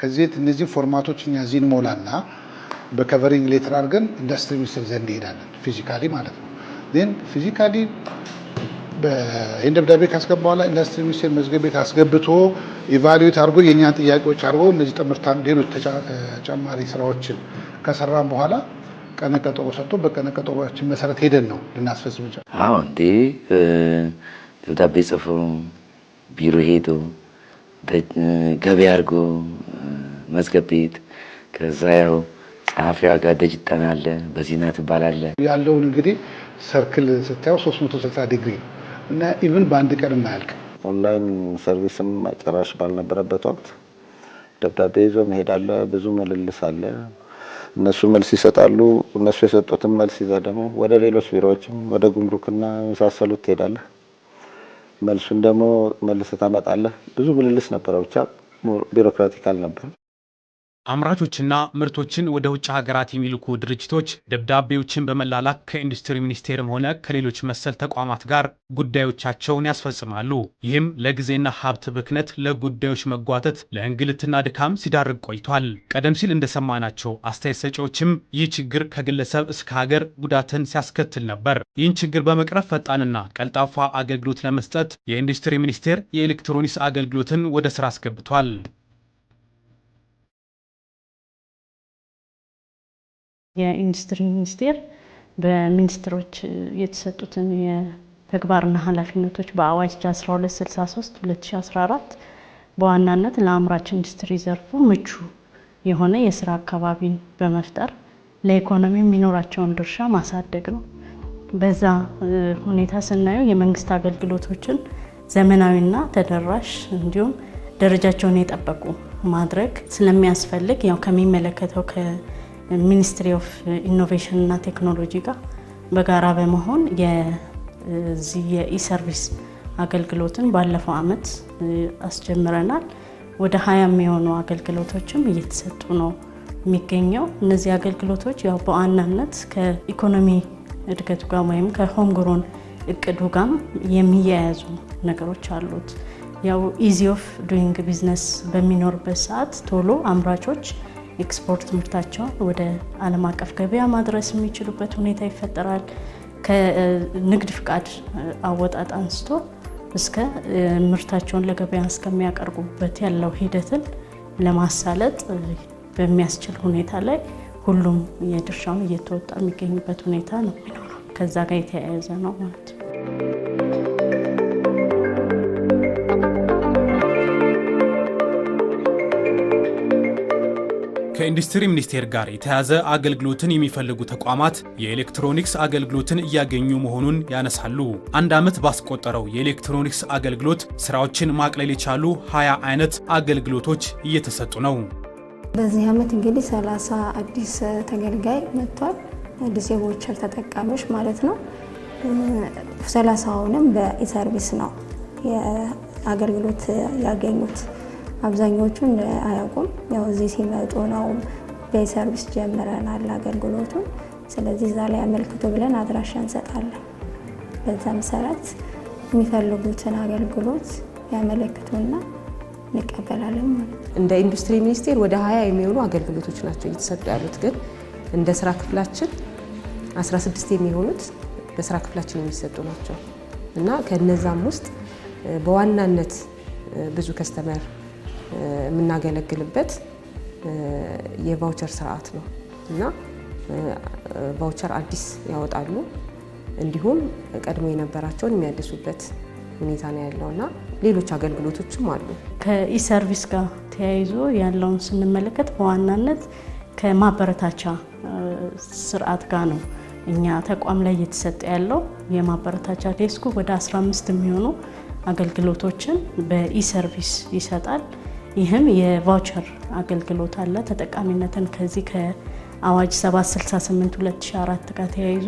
ከዚህ እነዚህ ፎርማቶች እኛ እዚህ እንሞላና በከቨሪንግ ሌተር አድርገን ኢንዱስትሪ ሚኒስትር ዘንድ ይሄዳለን፣ ፊዚካሊ ማለት ነው። ን ፊዚካሊ ይህን ደብዳቤ ካስገባ በኋላ ኢንዱስትሪ ሚኒስቴር መዝገብ ቤት አስገብቶ ኢቫሉዌት አድርጎ የእኛን ጥያቄዎች አድርጎ እነዚህ ጥምርታ ሌሎች ተጨማሪ ስራዎችን ከሰራም በኋላ ቀነቀጠሮ ሰጥቶ በቀነቀጠሮችን መሰረት ሄደን ነው ልናስፈጽም ጫ አሁ እንዴ ደብዳቤ ጽፎ ቢሮ ሄዶ ገቢ አድርጎ መዝገብ ቤት ከዛ ያው ጸሐፊዋ ጋር ደጅ ይጠናለ በዜና ትባላለ ያለውን እንግዲህ ሰርክል ስታየው 360 ዲግሪ እና ኢቭን በአንድ ቀን የማያልቅ ኦንላይን ሰርቪስም ጭራሽ ባልነበረበት ወቅት ደብዳቤ ይዞ መሄዳለ። ብዙ ምልልስ አለ። እነሱ መልስ ይሰጣሉ። እነሱ የሰጡትን መልስ ይዘ ደግሞ ወደ ሌሎች ቢሮዎችም ወደ ጉምሩክና የመሳሰሉት ትሄዳለህ። መልሱን ደግሞ መልስ ታመጣለህ። ብዙ ምልልስ ነበረ። ብቻ ቢሮክራቲክ አልነበር። አምራቾችና ምርቶችን ወደ ውጭ ሀገራት የሚልኩ ድርጅቶች ደብዳቤዎችን በመላላክ ከኢንዱስትሪ ሚኒስቴርም ሆነ ከሌሎች መሰል ተቋማት ጋር ጉዳዮቻቸውን ያስፈጽማሉ። ይህም ለጊዜና ሀብት ብክነት፣ ለጉዳዮች መጓተት፣ ለእንግልትና ድካም ሲዳርግ ቆይቷል። ቀደም ሲል እንደሰማናቸው አስተያየት ሰጪዎችም ይህ ችግር ከግለሰብ እስከ ሀገር ጉዳትን ሲያስከትል ነበር። ይህን ችግር በመቅረፍ ፈጣንና ቀልጣፋ አገልግሎት ለመስጠት የኢንዱስትሪ ሚኒስቴር የኤሌክትሮኒክስ አገልግሎትን ወደ ስራ አስገብቷል። የኢንዱስትሪ ሚኒስቴር በሚኒስትሮች የተሰጡትን የተግባርና ኃላፊነቶች በአዋጅ 1263 2014 በዋናነት ለአምራች ኢንዱስትሪ ዘርፉ ምቹ የሆነ የስራ አካባቢን በመፍጠር ለኢኮኖሚ የሚኖራቸውን ድርሻ ማሳደግ ነው። በዛ ሁኔታ ስናየው የመንግስት አገልግሎቶችን ዘመናዊና ተደራሽ እንዲሁም ደረጃቸውን የጠበቁ ማድረግ ስለሚያስፈልግ ያው ከሚመለከተው ሚኒስትሪ ኦፍ ኢኖቬሽን እና ቴክኖሎጂ ጋር በጋራ በመሆን የዚህ የኢሰርቪስ አገልግሎትን ባለፈው ዓመት አስጀምረናል። ወደ ሀያ የሚሆኑ አገልግሎቶችም እየተሰጡ ነው የሚገኘው። እነዚህ አገልግሎቶች ያው በዋናነት ከኢኮኖሚ እድገቱ ጋር ወይም ከሆም ግሮን እቅዱ ጋም የሚያያዙ ነገሮች አሉት። ያው ኢዚ ኦፍ ዱይንግ ቢዝነስ በሚኖርበት ሰዓት ቶሎ አምራቾች ኤክስፖርት ምርታቸውን ወደ ዓለም አቀፍ ገበያ ማድረስ የሚችሉበት ሁኔታ ይፈጠራል። ከንግድ ፍቃድ አወጣጥ አንስቶ እስከ ምርታቸውን ለገበያ እስከሚያቀርቡበት ያለው ሂደትን ለማሳለጥ በሚያስችል ሁኔታ ላይ ሁሉም የድርሻውን እየተወጣ የሚገኝበት ሁኔታ ነው የሚኖረው። ከዛ ጋር የተያያዘ ነው ማለት ነው። ከኢንዱስትሪ ሚኒስቴር ጋር የተያዘ አገልግሎትን የሚፈልጉ ተቋማት የኤሌክትሮኒክስ አገልግሎትን እያገኙ መሆኑን ያነሳሉ። አንድ ዓመት ባስቆጠረው የኤሌክትሮኒክስ አገልግሎት ስራዎችን ማቅለል የቻሉ 20 አይነት አገልግሎቶች እየተሰጡ ነው። በዚህ ዓመት እንግዲህ 30 አዲስ ተገልጋይ መጥቷል። የቮቸር ተጠቃሚዎች ማለት ነው። 30ውንም በኢሰርቪስ ነው አገልግሎት ያገኙት። አብዛኞቹ አያውቁም። ያው እዚህ ሲመጡ ነው በሰርቪስ ጀምረናል አገልግሎቱን። ስለዚህ እዛ ላይ አመልክቶ ብለን አድራሻ እንሰጣለን። በዛ መሰረት የሚፈልጉትን አገልግሎት ያመለክቱና እንቀበላለን ማለት ነው። እንደ ኢንዱስትሪ ሚኒስቴር ወደ ሀያ የሚሆኑ አገልግሎቶች ናቸው እየተሰጡ ያሉት። ግን እንደ ስራ ክፍላችን 16 የሚሆኑት በስራ ክፍላችን የሚሰጡ ናቸው እና ከነዛም ውስጥ በዋናነት ብዙ ከስተመር የምናገለግልበት የቫውቸር ስርዓት ነው እና ቫውቸር አዲስ ያወጣሉ፣ እንዲሁም ቀድሞ የነበራቸውን የሚያድሱበት ሁኔታ ነው ያለው እና ሌሎች አገልግሎቶችም አሉ። ከኢሰርቪስ ጋር ተያይዞ ያለውን ስንመለከት በዋናነት ከማበረታቻ ስርዓት ጋር ነው እኛ ተቋም ላይ እየተሰጠ ያለው የማበረታቻ ዴስኩ ወደ 15 የሚሆኑ አገልግሎቶችን በኢሰርቪስ ይሰጣል። ይህም የቫውቸር አገልግሎት አለ። ተጠቃሚነትን ከዚህ ከአዋጅ 768/2004 ጋር ተያይዞ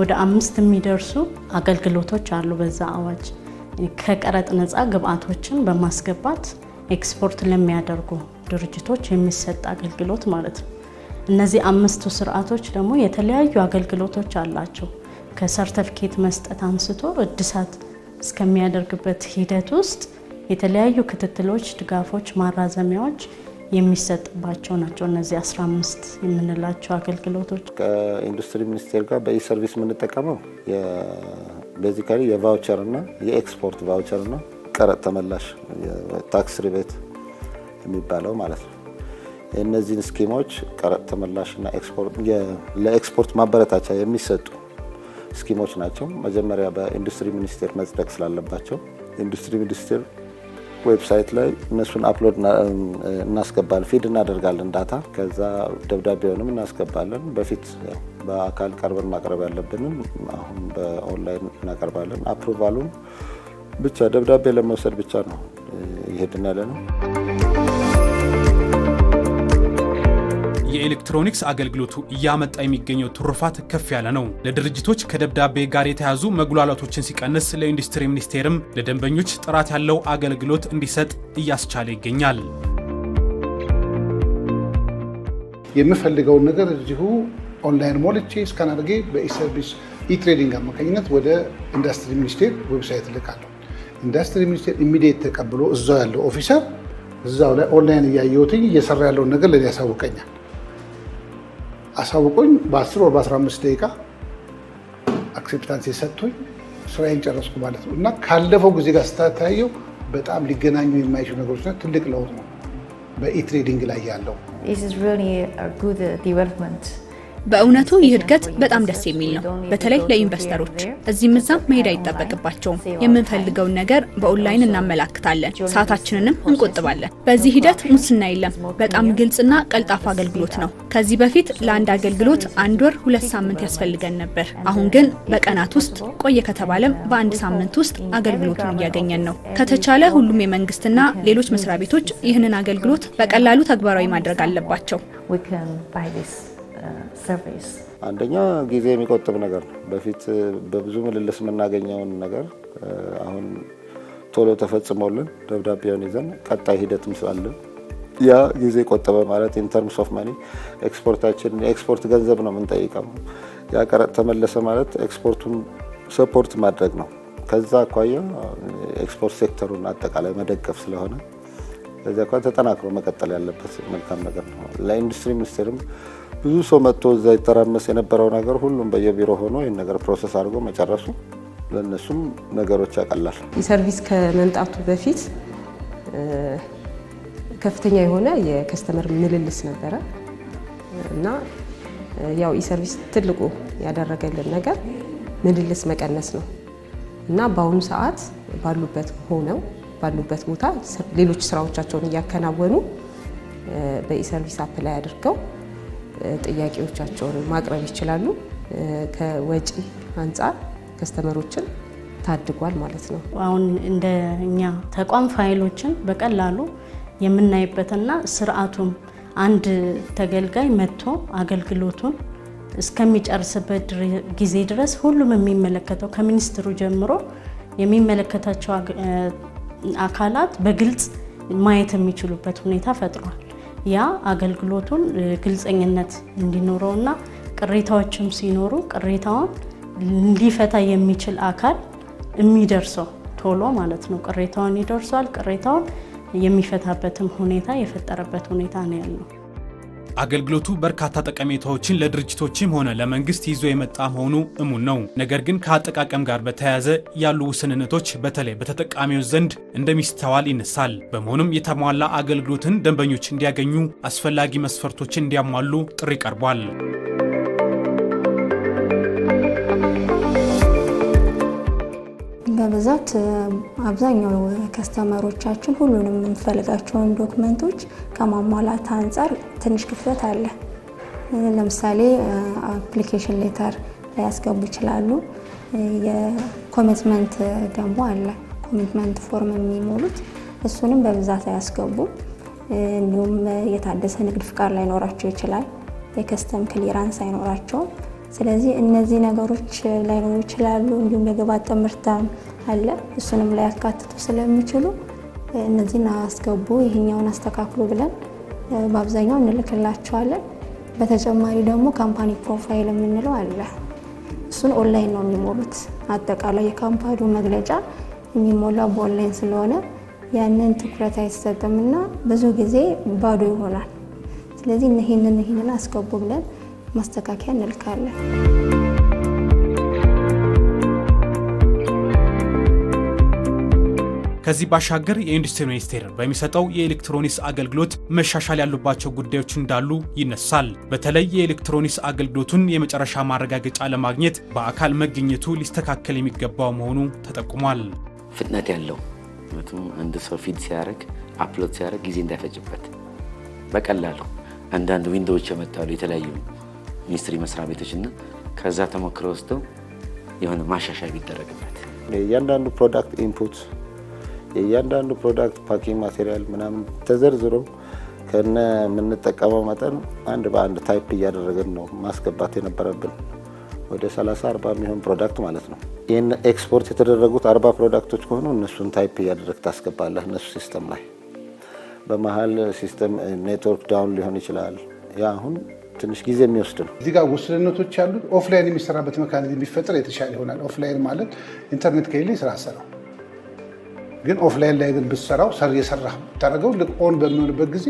ወደ አምስት የሚደርሱ አገልግሎቶች አሉ። በዛ አዋጅ ከቀረጥ ነፃ ግብአቶችን በማስገባት ኤክስፖርት ለሚያደርጉ ድርጅቶች የሚሰጥ አገልግሎት ማለት ነው። እነዚህ አምስቱ ስርዓቶች ደግሞ የተለያዩ አገልግሎቶች አላቸው። ከሰርተፍኬት መስጠት አንስቶ እድሳት እስከሚያደርግበት ሂደት ውስጥ የተለያዩ ክትትሎች፣ ድጋፎች፣ ማራዘሚያዎች የሚሰጥባቸው ናቸው። እነዚህ 15 የምንላቸው አገልግሎቶች ከኢንዱስትሪ ሚኒስቴር ጋር በኢሰርቪስ የምንጠቀመው ቤዚካሊ የቫውቸር እና የኤክስፖርት ቫውቸር እና ቀረጥ ተመላሽ ታክስ ሪቤት የሚባለው ማለት ነው። እነዚህን ስኪሞች ቀረጥ ተመላሽ እና ለኤክስፖርት ማበረታቻ የሚሰጡ ስኪሞች ናቸው። መጀመሪያ በኢንዱስትሪ ሚኒስቴር መጽደቅ ስላለባቸው ኢንዱስትሪ ሚኒስቴር ዌብሳይት ላይ እነሱን አፕሎድ እናስገባለን፣ ፊድ እናደርጋለን ዳታ። ከዛ ደብዳቤውንም እናስገባለን። በፊት በአካል ቀርበን ማቅረብ ያለብንም አሁን በኦንላይን እናቀርባለን። አፕሩቫሉን ብቻ ደብዳቤ ለመውሰድ ብቻ ነው ይሄድን ያለ ነው። የኤሌክትሮኒክስ አገልግሎቱ እያመጣ የሚገኘው ትሩፋት ከፍ ያለ ነው። ለድርጅቶች ከደብዳቤ ጋር የተያዙ መጉላላቶችን ሲቀንስ፣ ለኢንዱስትሪ ሚኒስቴርም ለደንበኞች ጥራት ያለው አገልግሎት እንዲሰጥ እያስቻለ ይገኛል። የምፈልገውን ነገር እዚሁ ኦንላይን ሞልቼ እስካን አድርጌ በኢሰርቪስ ኢትሬዲንግ አማካኝነት ወደ ኢንዱስትሪ ሚኒስቴር ዌብሳይት እልካለሁ። ኢንዱስትሪ ሚኒስቴር ኢሚዲየት ተቀብሎ እዛው ያለው ኦፊሰር እዛው ላይ ኦንላይን እያየሁትኝ እየሰራ ያለውን ነገር ለኔ ያሳውቀኛል። አሳውቆኝ በ10 ወር በ15 ደቂቃ አክሴፕታንስ የሰጥቶኝ ስራዬን ጨረስኩ ማለት ነው እና ካለፈው ጊዜ ጋር ስታታየው በጣም ሊገናኙ የማይችሉ ነገሮች ትልቅ ለውጥ ነው በኢትሬዲንግ ላይ ያለው በእውነቱ ይህ እድገት በጣም ደስ የሚል ነው። በተለይ ለኢንቨስተሮች እዚህም እዛም መሄድ አይጠበቅባቸውም። የምንፈልገውን ነገር በኦንላይን እናመላክታለን፣ ሰዓታችንንም እንቆጥባለን። በዚህ ሂደት ሙስና የለም። በጣም ግልጽና ቀልጣፋ አገልግሎት ነው። ከዚህ በፊት ለአንድ አገልግሎት አንድ ወር ሁለት ሳምንት ያስፈልገን ነበር። አሁን ግን በቀናት ውስጥ ቆየ ከተባለም በአንድ ሳምንት ውስጥ አገልግሎቱን እያገኘን ነው። ከተቻለ ሁሉም የመንግስትና ሌሎች መስሪያ ቤቶች ይህንን አገልግሎት በቀላሉ ተግባራዊ ማድረግ አለባቸው። ሰርቪስ አንደኛ ጊዜ የሚቆጥብ ነገር ነው። በፊት በብዙ ምልልስ የምናገኘውን ነገር አሁን ቶሎ ተፈጽሞልን ደብዳቤውን ይዘን ቀጣይ ሂደትም ስላለ ያ ጊዜ ቆጠበ ማለት ኢንተርምስ ኦፍ ማኒ ኤክስፖርታችን ኤክስፖርት ገንዘብ ነው የምንጠይቀው። ያ ቀረጥ ተመለሰ ማለት ኤክስፖርቱን ሰፖርት ማድረግ ነው። ከዛ አኳያ ኤክስፖርት ሴክተሩን አጠቃላይ መደገፍ ስለሆነ እዚያ እንኳን ተጠናክሮ መቀጠል ያለበት መልካም ነገር ነው። ለኢንዱስትሪ ሚኒስቴርም ብዙ ሰው መጥቶ እዛ ይተራመስ የነበረው ነገር ሁሉም በየቢሮ ሆኖ ይህን ነገር ፕሮሰስ አድርጎ መጨረሱ ለእነሱም ነገሮች ያቀላል። ሰርቪስ ከመምጣቱ በፊት ከፍተኛ የሆነ የከስተመር ምልልስ ነበረ እና ያው ኢሰርቪስ ትልቁ ያደረገልን ነገር ምልልስ መቀነስ ነው እና በአሁኑ ሰዓት ባሉበት ሆነው ባሉበት ቦታ ሌሎች ስራዎቻቸውን እያከናወኑ በኢሰርቪስ አፕ ላይ አድርገው ጥያቄዎቻቸውን ማቅረብ ይችላሉ። ከወጪ አንጻር ከስተመሮችን ታድጓል ማለት ነው። አሁን እንደ እኛ ተቋም ፋይሎችን በቀላሉ የምናይበትና ስርዓቱም አንድ ተገልጋይ መጥቶ አገልግሎቱን እስከሚጨርስበት ጊዜ ድረስ ሁሉም የሚመለከተው ከሚኒስትሩ ጀምሮ የሚመለከታቸው አካላት በግልጽ ማየት የሚችሉበት ሁኔታ ፈጥሯል። ያ አገልግሎቱን ግልጸኝነት እና ቅሬታዎችም ሲኖሩ ቅሬታውን ሊፈታ የሚችል አካል የሚደርሰው ቶሎ ማለት ነው። ቅሬታውን ይደርሷል። ቅሬታውን የሚፈታበትም ሁኔታ የፈጠረበት ሁኔታ ነው ያለው። አገልግሎቱ በርካታ ጠቀሜታዎችን ለድርጅቶችም ሆነ ለመንግስት ይዞ የመጣ መሆኑ እሙን ነው። ነገር ግን ከአጠቃቀም ጋር በተያያዘ ያሉ ውስንነቶች በተለይ በተጠቃሚዎች ዘንድ እንደሚስተዋል ይነሳል። በመሆኑም የተሟላ አገልግሎትን ደንበኞች እንዲያገኙ አስፈላጊ መስፈርቶችን እንዲያሟሉ ጥሪ ቀርቧል። በብዛት አብዛኛው ከስተመሮቻችን ሁሉንም የምንፈልጋቸውን ዶክመንቶች ከማሟላት አንጻር ትንሽ ክፍተት አለ። ለምሳሌ አፕሊኬሽን ሌተር ሊያስገቡ ይችላሉ። የኮሚትመንት ደግሞ አለ። ኮሚትመንት ፎርም የሚሞሉት እሱንም በብዛት አያስገቡም። እንዲሁም የታደሰ ንግድ ፍቃድ ላይኖራቸው ይችላል። የከስተም ክሊራንስ አይኖራቸውም። ስለዚህ እነዚህ ነገሮች ላይኖሩ ይችላሉ። እንዲሁም የግብአት ምርት አለ እሱንም ላይ ያካትቱ ስለሚችሉ እነዚህን አስገቡ ይህኛውን አስተካክሉ ብለን በአብዛኛው እንልክላቸዋለን። በተጨማሪ ደግሞ ካምፓኒ ፕሮፋይል የምንለው አለ። እሱን ኦንላይን ነው የሚሞሉት። አጠቃላይ የካምፓኒ መግለጫ የሚሞላው በኦንላይን ስለሆነ ያንን ትኩረት አይሰጥም እና ብዙ ጊዜ ባዶ ይሆናል። ስለዚህ ይህንን ይህንን አስገቡ ብለን ማስተካከያ እንልካለን። ከዚህ ባሻገር የኢንዱስትሪ ሚኒስቴር በሚሰጠው የኤሌክትሮኒክስ አገልግሎት መሻሻል ያሉባቸው ጉዳዮች እንዳሉ ይነሳል። በተለይ የኤሌክትሮኒክስ አገልግሎቱን የመጨረሻ ማረጋገጫ ለማግኘት በአካል መገኘቱ ሊስተካከል የሚገባው መሆኑ ተጠቁሟል። ፍጥነት ያለው ምክንያቱም አንድ ሰው ፊድ ሲያደርግ አፕሎድ ሲያደርግ ጊዜ እንዳይፈጭበት በቀላሉ አንዳንድ ዊንዶዎች የመጣሉ የተለያዩ ሚኒስትሪ መስሪያ ቤቶች እና ከዛ ተሞክሮ ወስደው የሆነ ማሻሻያ ቢደረግበት እያንዳንዱ ፕሮዳክት ኢንፑት የእያንዳንዱ ፕሮዳክት ፓኪንግ ማቴሪያል ምናምን ተዘርዝሮ ከነ የምንጠቀመው መጠን አንድ በአንድ ታይፕ እያደረገን ነው ማስገባት የነበረብን ወደ 30 40 የሚሆን ፕሮዳክት ማለት ነው። ይህን ኤክስፖርት የተደረጉት አርባ ፕሮዳክቶች ከሆኑ እነሱን ታይፕ እያደረግ ታስገባለህ እነሱ ሲስተም ላይ። በመሀል ሲስተም ኔትወርክ ዳውን ሊሆን ይችላል። ያ አሁን ትንሽ ጊዜ የሚወስድ ነው። እዚህ ጋር ውስንነቶች ያሉት ኦፍላይን የሚሰራበት መካኒዝም ቢፈጠር የተሻለ ይሆናል። ኦፍላይን ማለት ኢንተርኔት ከሌለ ስራ ሰራው ግን ኦፍላይን ላይ ግን ብትሰራው ሰር የሰራህ ብታደርገው ልክ ኦን በሚሆንበት ጊዜ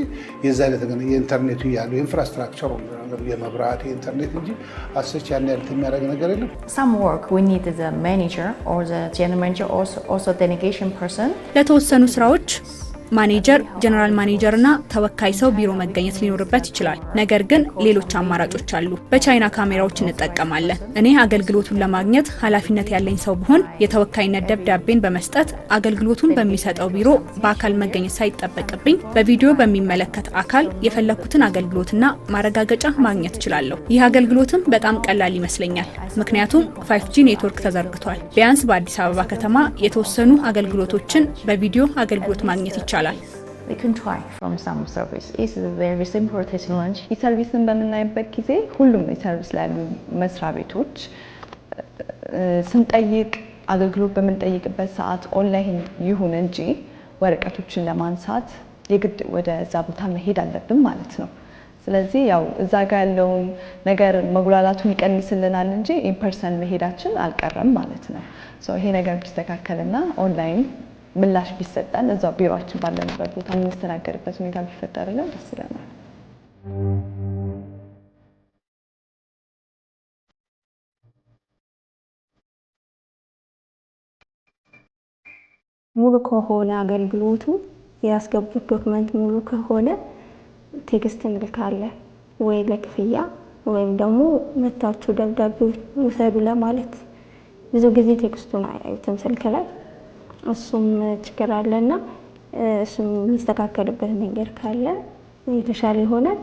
የዛ አይነት ግን የኢንተርኔቱ ያሉ ኢንፍራስትራክቸሩ የመብራት የኢንተርኔት እንጂ አሰች ያን ያልት የሚያደርግ ነገር የለም። some work we ለተወሰኑ ስራዎች ማኔጀር፣ ጀነራል ማኔጀር እና ተወካይ ሰው ቢሮ መገኘት ሊኖርበት ይችላል። ነገር ግን ሌሎች አማራጮች አሉ። በቻይና ካሜራዎች እንጠቀማለን። እኔ አገልግሎቱን ለማግኘት ኃላፊነት ያለኝ ሰው ብሆን የተወካይነት ደብዳቤን በመስጠት አገልግሎቱን በሚሰጠው ቢሮ በአካል መገኘት ሳይጠበቅብኝ በቪዲዮ በሚመለከት አካል የፈለግኩትን አገልግሎትና ማረጋገጫ ማግኘት እችላለሁ። ይህ አገልግሎትም በጣም ቀላል ይመስለኛል፣ ምክንያቱም 5ጂ ኔትወርክ ተዘርግቷል። ቢያንስ በአዲስ አበባ ከተማ የተወሰኑ አገልግሎቶችን በቪዲዮ አገልግሎት ማግኘት ይቻላል። ይቻላል። ኢሰርቪስን በምናይበት ጊዜ ሁሉም ኢሰርቪስ ላይ ያሉ መስሪያ ቤቶች ስንጠይቅ አገልግሎት በምንጠይቅበት ሰዓት ኦንላይን ይሁን እንጂ ወረቀቶችን ለማንሳት የግድ ወደዛ ቦታ መሄድ አለብን ማለት ነው። ስለዚህ ያው እዛ ጋ ያለውን ነገር መጉላላቱን ይቀንስልናል እንጂ ኢንፐርሰን መሄዳችን አልቀረም ማለት ነው። ይሄ ነገር ቢስተካከልና ኦንላይን ምላሽ ቢሰጠን እዛ ቢሮችን ባለንበት ቦታ የምንስተናገርበት ሁኔታ ቢፈጠርልን ደስ ይለናል። ሙሉ ከሆነ አገልግሎቱ ያስገቡት ዶክመንት ሙሉ ከሆነ ቴክስት እንልካለን ወይ ለክፍያ ወይም ደግሞ መታችሁ ደብዳቤ ውሰዱ ለማለት ብዙ ጊዜ ቴክስቱን አያዩትም ስልክ ላይ እሱም ችግር አለና እሱም የሚስተካከልበት መንገድ ካለ የተሻለ ይሆናል።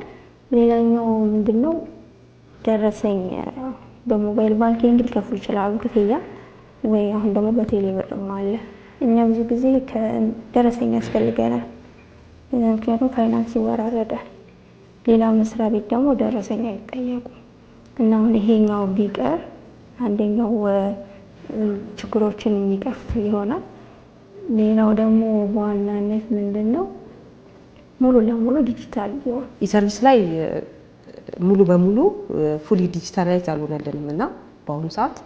ሌላኛው ምንድን ነው ደረሰኝ በሞባይል ባንኪንግ ሊከፍሉ ይችላሉ ክፍያ ወይ አሁን ደግሞ በቴሌ ብርም አለ። እኛ ብዙ ጊዜ ደረሰኝ ያስፈልገናል፣ ምክንያቱም ፋይናንስ ይወራረዳል። ሌላ መስሪያ ቤት ደግሞ ደረሰኝ አይጠየቁም እና አሁን ይሄኛው ቢቀር አንደኛው ችግሮችን የሚቀርፍ ይሆናል። ሌላው ደግሞ በዋናነት ምንድን ነው ሙሉ ለሙሉ ዲጂታል ኢሰርቪስ ላይ ሙሉ በሙሉ ፉሊ ዲጂታላይዝ አልሆነልንም እና በአሁኑ ሰዓት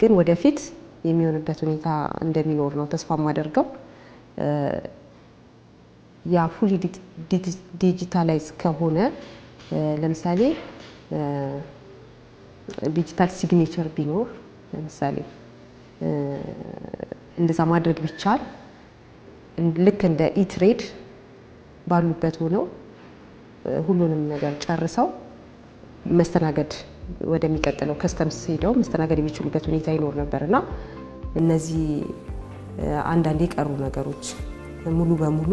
ግን ወደፊት የሚሆንበት ሁኔታ እንደሚኖር ነው ተስፋ ማደርገው ያ ፉሊ ዲጂታላይዝ ከሆነ ለምሳሌ ዲጂታል ሲግኔቸር ቢኖር ለምሳሌ እንደዛ ማድረግ ቢቻል ልክ እንደ ኢትሬድ ባሉበት ሆነው ሁሉንም ነገር ጨርሰው መስተናገድ ወደሚቀጥለው ከስተምስ ሄደው መስተናገድ የሚችሉበት ሁኔታ ይኖር ነበር እና እነዚህ አንዳንድ የቀሩ ነገሮች ሙሉ በሙሉ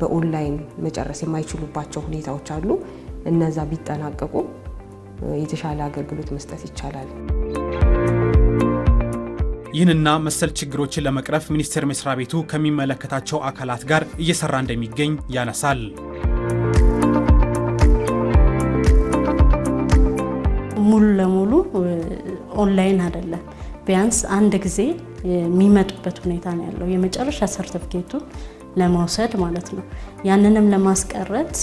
በኦንላይን መጨረስ የማይችሉባቸው ሁኔታዎች አሉ። እነዛ ቢጠናቀቁ የተሻለ አገልግሎት መስጠት ይቻላል። ይህንና መሰል ችግሮችን ለመቅረፍ ሚኒስቴር መስሪያ ቤቱ ከሚመለከታቸው አካላት ጋር እየሰራ እንደሚገኝ ያነሳል። ሙሉ ለሙሉ ኦንላይን አይደለም። ቢያንስ አንድ ጊዜ የሚመጡበት ሁኔታ ነው ያለው የመጨረሻ ሰርተፍኬቱን ለመውሰድ ማለት ነው። ያንንም ለማስቀረት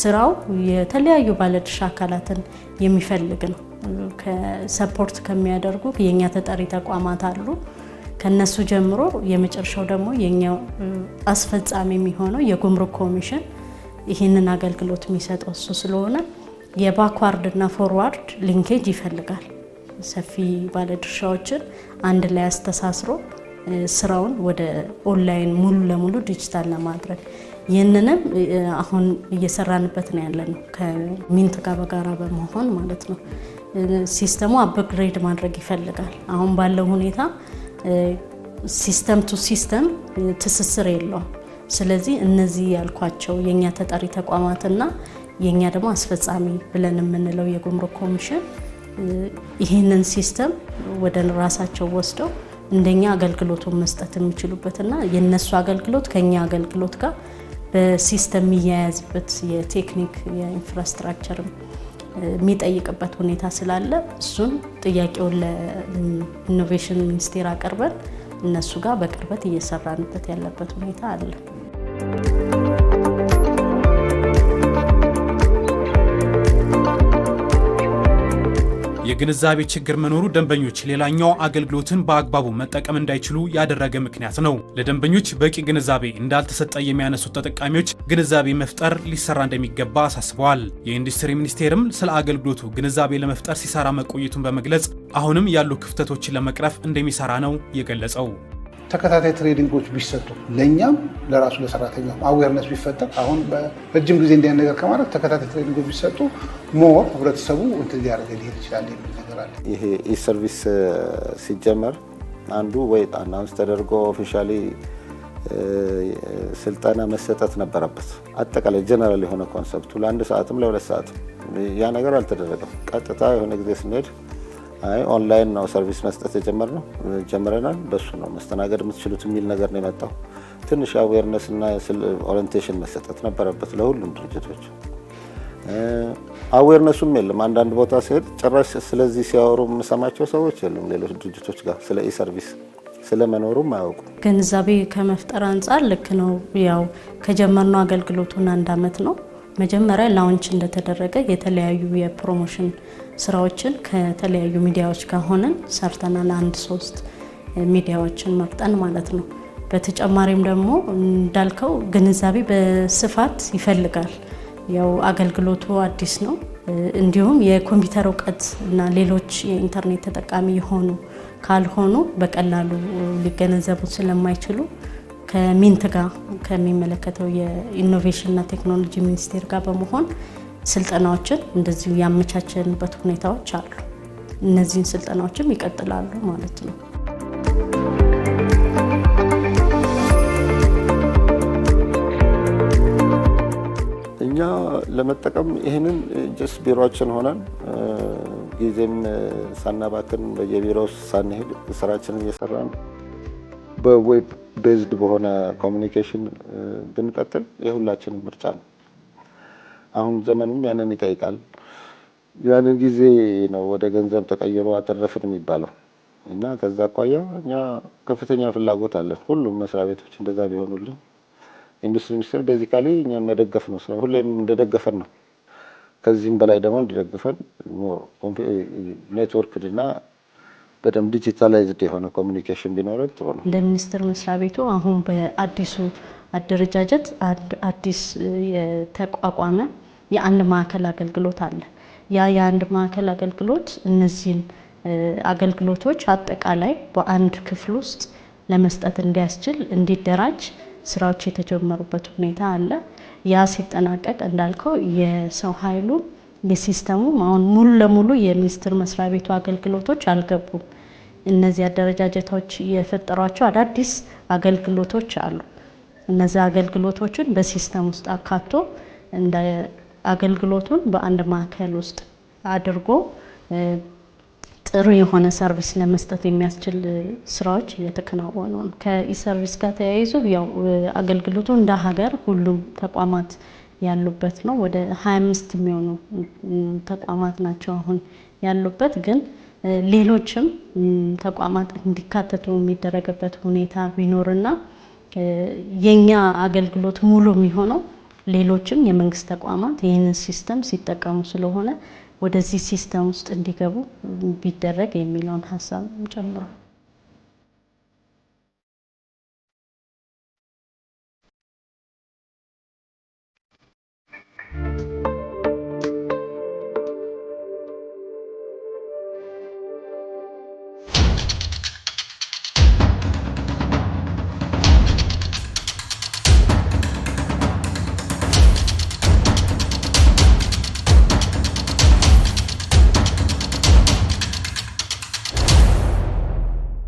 ስራው የተለያዩ ባለድርሻ አካላትን የሚፈልግ ነው። ሰፖርት ከሚያደርጉ የኛ ተጠሪ ተቋማት አሉ። ከነሱ ጀምሮ የመጨረሻው ደግሞ የኛ አስፈጻሚ የሚሆነው የጉምሩክ ኮሚሽን ይህንን አገልግሎት የሚሰጠው እሱ ስለሆነ የባክዋርድ እና ፎርዋርድ ሊንኬጅ ይፈልጋል። ሰፊ ባለድርሻዎችን አንድ ላይ አስተሳስሮ ስራውን ወደ ኦንላይን ሙሉ ለሙሉ ዲጂታል ለማድረግ ይህንንም አሁን እየሰራንበት ነው ያለ ነው ከሚንት ጋር በጋራ በመሆን ማለት ነው። ሲስተሙ አፕግሬድ ማድረግ ይፈልጋል። አሁን ባለው ሁኔታ ሲስተም ቱ ሲስተም ትስስር የለውም። ስለዚህ እነዚህ ያልኳቸው የእኛ ተጠሪ ተቋማትና የእኛ ደግሞ አስፈጻሚ ብለን የምንለው የጉምሩክ ኮሚሽን ይህንን ሲስተም ወደ ራሳቸው ወስደው እንደኛ አገልግሎቱን መስጠት የሚችሉበትና የእነሱ አገልግሎት ከኛ አገልግሎት ጋር በሲስተም የሚያያዝበት የቴክኒክ የኢንፍራስትራክቸርም የሚጠይቅበት ሁኔታ ስላለ እሱን ጥያቄውን ለኢኖቬሽን ሚኒስቴር አቅርበን እነሱ ጋር በቅርበት እየሰራንበት ያለበት ሁኔታ አለ። የግንዛቤ ችግር መኖሩ ደንበኞች ሌላኛው አገልግሎትን በአግባቡ መጠቀም እንዳይችሉ ያደረገ ምክንያት ነው። ለደንበኞች በቂ ግንዛቤ እንዳልተሰጠ የሚያነሱት ተጠቃሚዎች ግንዛቤ መፍጠር ሊሰራ እንደሚገባ አሳስበዋል። የኢንዱስትሪ ሚኒስቴርም ስለ አገልግሎቱ ግንዛቤ ለመፍጠር ሲሰራ መቆየቱን በመግለጽ አሁንም ያሉ ክፍተቶችን ለመቅረፍ እንደሚሰራ ነው የገለጸው። ተከታታይ ትሬዲንጎች ቢሰጡ ለእኛም ለራሱ ለሰራተኛ አዌርነስ ቢፈጠር አሁን በረጅም ጊዜ እንዲያን ነገር ከማለት ተከታታይ ትሬዲንጎች ቢሰጡ ሞር ህብረተሰቡ እንትን ሊያደርገ ሊሄድ ይችላል የሚል ነገር አለ። ይሄ ኢሰርቪስ ሲጀመር አንዱ ወይ አናውንስ ተደርጎ ኦፊሻሊ ስልጠና መሰጠት ነበረበት። አጠቃላይ ጀነራል የሆነ ኮንሰፕቱ ለአንድ ሰዓትም ለሁለት ሰዓትም ያ ነገር አልተደረገም። ቀጥታ የሆነ ጊዜ ስንሄድ አይ ኦንላይን ነው ሰርቪስ መስጠት የጀመርነው ጀምረናል። በሱ ነው መስተናገድ የምትችሉት የሚል ነገር ነው የመጣው። ትንሽ አዌርነስ እና ኦሪንቴሽን መሰጠት ነበረበት ለሁሉም ድርጅቶች። አዌርነሱም የለም። አንዳንድ ቦታ ሲሄድ ጭራሽ ስለዚህ ሲያወሩ የምሰማቸው ሰዎች የሉም። ሌሎች ድርጅቶች ጋር ስለ ኢሰርቪስ ስለመኖሩም አያውቁ። ግንዛቤ ከመፍጠር አንጻር ልክ ነው። ያው ከጀመርነው አገልግሎቱን አንድ አመት ነው። መጀመሪያ ላውንች እንደተደረገ የተለያዩ የፕሮሞሽን ስራዎችን ከተለያዩ ሚዲያዎች ጋር ሆነን ሰርተናል። አንድ ሶስት ሚዲያዎችን መርጠን ማለት ነው። በተጨማሪም ደግሞ እንዳልከው ግንዛቤ በስፋት ይፈልጋል። ያው አገልግሎቱ አዲስ ነው። እንዲሁም የኮምፒውተር እውቀት እና ሌሎች የኢንተርኔት ተጠቃሚ የሆኑ ካልሆኑ በቀላሉ ሊገነዘቡ ስለማይችሉ ከሚንት ጋር ከሚመለከተው የኢኖቬሽንና ቴክኖሎጂ ሚኒስቴር ጋር በመሆን ስልጠናዎችን እንደዚሁ ያመቻቸንበት ሁኔታዎች አሉ። እነዚህን ስልጠናዎችም ይቀጥላሉ ማለት ነው። እኛ ለመጠቀም ይህንን ጀስ ቢሮችን ሆነን ጊዜም ሳናባክን በየቢሮ ሳንሄድ ስራችንን እየሰራን በዌብ ቤዝድ በሆነ ኮሚኒኬሽን ብንቀጥል የሁላችንም ምርጫ ነው። አሁን ዘመኑም ያንን ይጠይቃል። ያንን ጊዜ ነው ወደ ገንዘብ ተቀይሮ አተረፍን የሚባለው እና ከዛ አኳያ እኛ ከፍተኛ ፍላጎት አለን። ሁሉም መስሪያ ቤቶች እንደዛ ቢሆኑልን ኢንዱስትሪ ሚኒስቴር ቤዚካሊ እኛን መደገፍ ነው ስራ ሁሌም እንደደገፈን ነው። ከዚህም በላይ ደግሞ እንዲደግፈን ኔትወርክ እና በደንብ ዲጂታላይዝድ የሆነ ኮሚኒኬሽን ቢኖረን ጥሩ ነው። እንደ ሚኒስትር መስሪያ ቤቱ አሁን በአዲሱ አደረጃጀት አዲስ የተቋቋመ የአንድ ማዕከል አገልግሎት አለ። ያ የአንድ ማዕከል አገልግሎት እነዚህን አገልግሎቶች አጠቃላይ በአንድ ክፍል ውስጥ ለመስጠት እንዲያስችል እንዲደራጅ ስራዎች የተጀመሩበት ሁኔታ አለ። ያ ሲጠናቀቅ እንዳልከው የሰው ኃይሉ የሲስተሙ አሁን ሙሉ ለሙሉ የሚኒስቴር መስሪያ ቤቱ አገልግሎቶች አልገቡም። እነዚህ አደረጃጀቶች የፈጠሯቸው አዳዲስ አገልግሎቶች አሉ። እነዚህ አገልግሎቶችን በሲስተም ውስጥ አካቶ እንደ አገልግሎቱን በአንድ ማዕከል ውስጥ አድርጎ ጥሩ የሆነ ሰርቪስ ለመስጠት የሚያስችል ስራዎች እየተከናወኑ ነው። ከኢሰርቪስ ጋር ተያይዞ ያው አገልግሎቱ እንደ ሀገር ሁሉም ተቋማት ያሉበት ነው። ወደ 25 የሚሆኑ ተቋማት ናቸው አሁን ያሉበት ግን ሌሎችም ተቋማት እንዲካተቱ የሚደረግበት ሁኔታ ቢኖርና የኛ አገልግሎት ሙሉ የሚሆነው ሌሎችም የመንግስት ተቋማት ይህንን ሲስተም ሲጠቀሙ ስለሆነ ወደዚህ ሲስተም ውስጥ እንዲገቡ ቢደረግ የሚለውን ሀሳብ ጨምሯል።